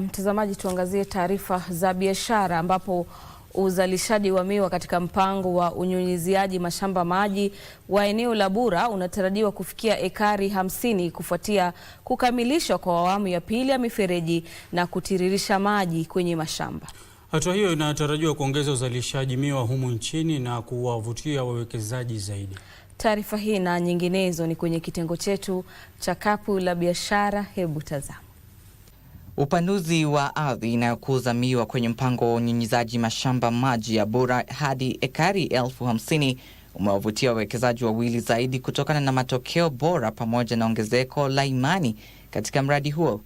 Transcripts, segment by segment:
Mtazamaji, tuangazie taarifa za biashara ambapo uzalishaji wa miwa katika mpango wa unyunyiziaji mashamba maji wa eneo la Bura unatarajiwa kufikia ekari hamsini kufuatia kukamilishwa kwa awamu ya pili ya mifereji na kutiririsha maji kwenye mashamba. Hatua hiyo inatarajiwa kuongeza uzalishaji miwa humu nchini na kuwavutia wawekezaji zaidi. Taarifa hii na nyinginezo ni kwenye kitengo chetu cha Kapu la Biashara. Hebu tazama. Upanuzi wa ardhi inayokuza miwa kwenye mpango wa unyunyizaji mashamba maji ya Bura hadi ekari elfu hamsini umewavutia wawekezaji wawili zaidi kutokana na matokeo bora pamoja na ongezeko la imani katika mradi huo.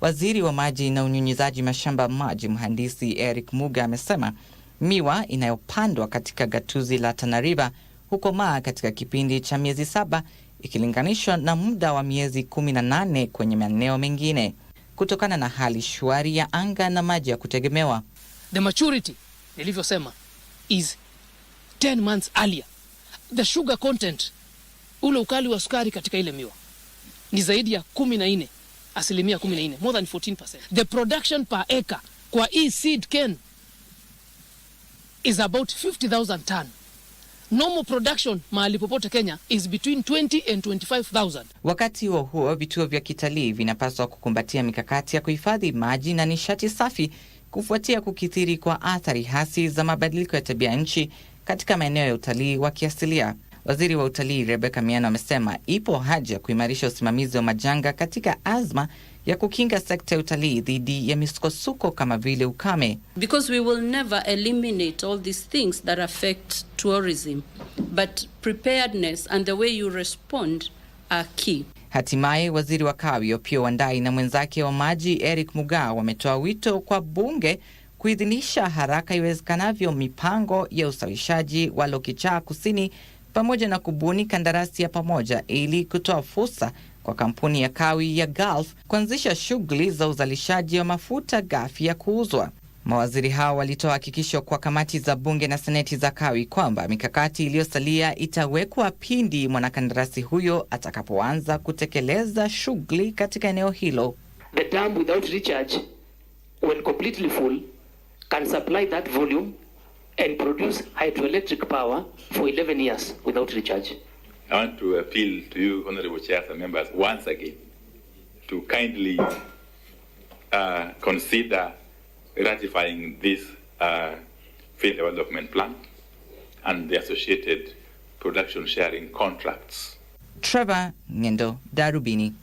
Waziri wa maji na unyunyizaji mashamba maji, mhandisi Eric Muga, amesema miwa inayopandwa katika gatuzi la Tanariva maa katika kipindi cha miezi saba ikilinganishwa na muda wa miezi nane kwenye maeneo mengine kutokana na hali shwari ya anga na maji ya kutegemewa. The maturity nilivyosema is 10 months earlier. The sugar content, ule ukali wa sukari katika ile miwa ni zaidi ya 14, asilimia 14, more than 14%. The production per acre kwa hii seed cane is about 50,000 tons. Normal production mahali popote Kenya is between 20 and 25,000. Wakati huo huo, vituo vya kitalii vinapaswa kukumbatia mikakati ya kuhifadhi maji na nishati safi kufuatia kukithiri kwa athari hasi za mabadiliko ya tabia nchi katika maeneo ya utalii wa kiasilia. Waziri wa utalii Rebecca Miano amesema ipo haja ya kuimarisha usimamizi wa majanga katika azma ya kukinga sekta ya utalii dhidi ya misukosuko kama vile ukame. Because we will never eliminate all these things that affect tourism, but preparedness and the way you respond are key. Hatimaye waziri wa kawi Opiyo Wandai na mwenzake wa maji Eric Muga wametoa wito kwa bunge kuidhinisha haraka iwezekanavyo mipango ya usawishaji wa lokichaa Kusini pamoja na kubuni kandarasi ya pamoja ili kutoa fursa kwa kampuni ya kawi ya Gulf kuanzisha shughuli za uzalishaji wa mafuta ghafi ya kuuzwa. Mawaziri hao walitoa hakikisho kwa kamati za bunge na seneti za kawi kwamba mikakati iliyosalia itawekwa pindi mwanakandarasi huyo atakapoanza kutekeleza shughuli katika eneo hilo. The dam without recharge, when completely full, can supply that volume and produce hydroelectric power for 11 years without recharge. I want to appeal to you, Honorable Chairs and members, once again to kindly uh, consider ratifying this uh, field development plan and the associated production sharing contracts. Trevor Ngendo Darubini.